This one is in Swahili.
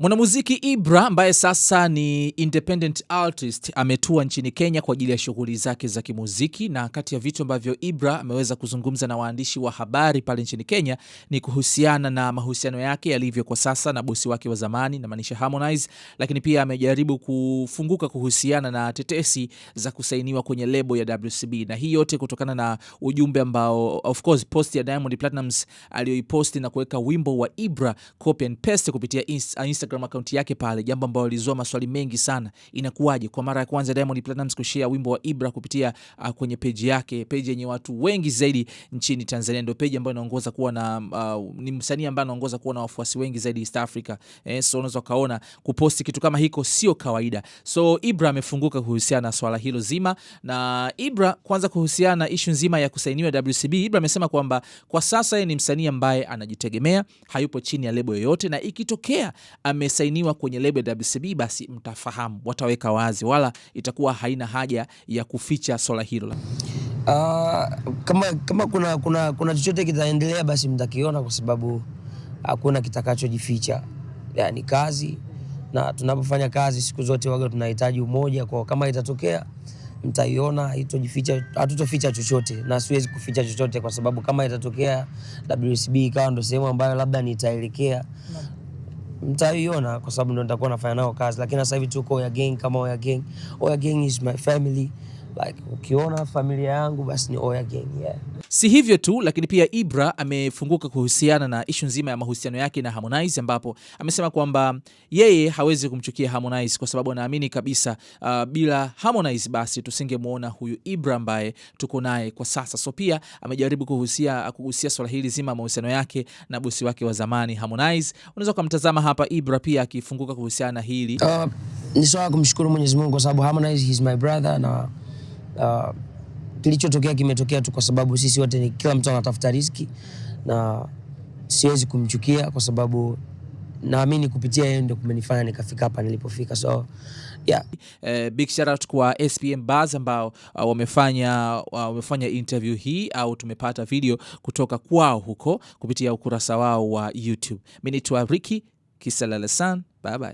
Mwanamuziki Ibra ambaye sasa ni independent artist ametua nchini Kenya kwa ajili ya shughuli zake za kimuziki, na kati ya vitu ambavyo Ibra ameweza kuzungumza na waandishi wa habari pale nchini Kenya ni kuhusiana na mahusiano yake yalivyo kwa sasa na bosi wake wa zamani, namaanisha Harmonize, lakini pia amejaribu kufunguka kuhusiana na tetesi za kusainiwa kwenye lebo ya WCB, na hii yote kutokana na ujumbe ambao, of course, post ya Diamond Platnumz aliyoiposti na kuweka wimbo wa Ibra copy and paste kupitia Instagram Instagram account yake pale, jambo ambalo lilizua maswali mengi sana. Inakuwaje kwa mara ya kwanza Diamond Platnumz kushare wimbo wa Ibra kupitia uh, kwenye page yake, page yenye watu wengi zaidi nchini Tanzania, ndio page ambayo inaongoza kuwa na uh, ni msanii ambaye anaongoza kuwa na wafuasi wengi zaidi East Africa. Eh, so unaweza kaona kuposti kitu kama hiko sio kawaida. So Ibra amefunguka kuhusiana na swala hilo zima, na Ibra kwanza kuhusiana na issue nzima ya kusainiwa WCB, Ibra amesema kwamba kwa sasa yeye ni msanii ambaye anajitegemea, hayupo chini ya lebo yoyote na ikitokea ame amesainiwa kwenye lebo ya WCB, basi mtafahamu, wataweka wazi, wala itakuwa haina haja ya kuficha swala hilo. Uh, kama, kama kuna, kuna, kuna chochote kitaendelea basi mtakiona, kwa sababu hakuna kitakachojificha. Yani kazi na tunapofanya kazi siku zote waga tunahitaji umoja, kwa kama itatokea mtaiona, itojificha, hatutoficha chochote, na siwezi kuficha chochote, kwa sababu kama itatokea WCB ikawa ndo sehemu ambayo labda nitaelekea mtaiona kwa sababu ndo nitakuwa nafanya nao kazi, lakini sasa hivi tuko Oya Gang kama Oya Gang. Oya Gang is my family like, ukiona familia yangu basi ni Oya Gang yeah. Si hivyo tu, lakini pia Ibra amefunguka kuhusiana na ishu nzima ya mahusiano yake na Harmonize, ambapo amesema kwamba yeye hawezi kumchukia Harmonize kwa sababu anaamini kabisa, uh, bila Harmonize basi tusingemwona huyu Ibra ambaye tuko naye kwa sasa. So pia amejaribu kuhusia kuhusia swala hili zima mahusiano yake na bosi wake wa zamani Harmonize. Unaweza kumtazama hapa Ibra pia akifunguka kuhusiana na hili. Uh, ni swala kumshukuru Mwenyezi Mungu kwa sababu Harmonize he's my brother na uh, kilichotokea kimetokea tu, kwa sababu sisi wote ni kila mtu anatafuta riziki, na siwezi kumchukia kwa sababu naamini kupitia yeye ndio kumenifanya nikafika hapa nilipofika. So yeah. Uh, big shout out kwa SPM Buzz ambao uh, wamefanya uh, wamefanya interview hii au tumepata video kutoka kwao huko kupitia ukurasa wao wa YouTube. Mimi ni Ricky Kisalalesan, bye bye.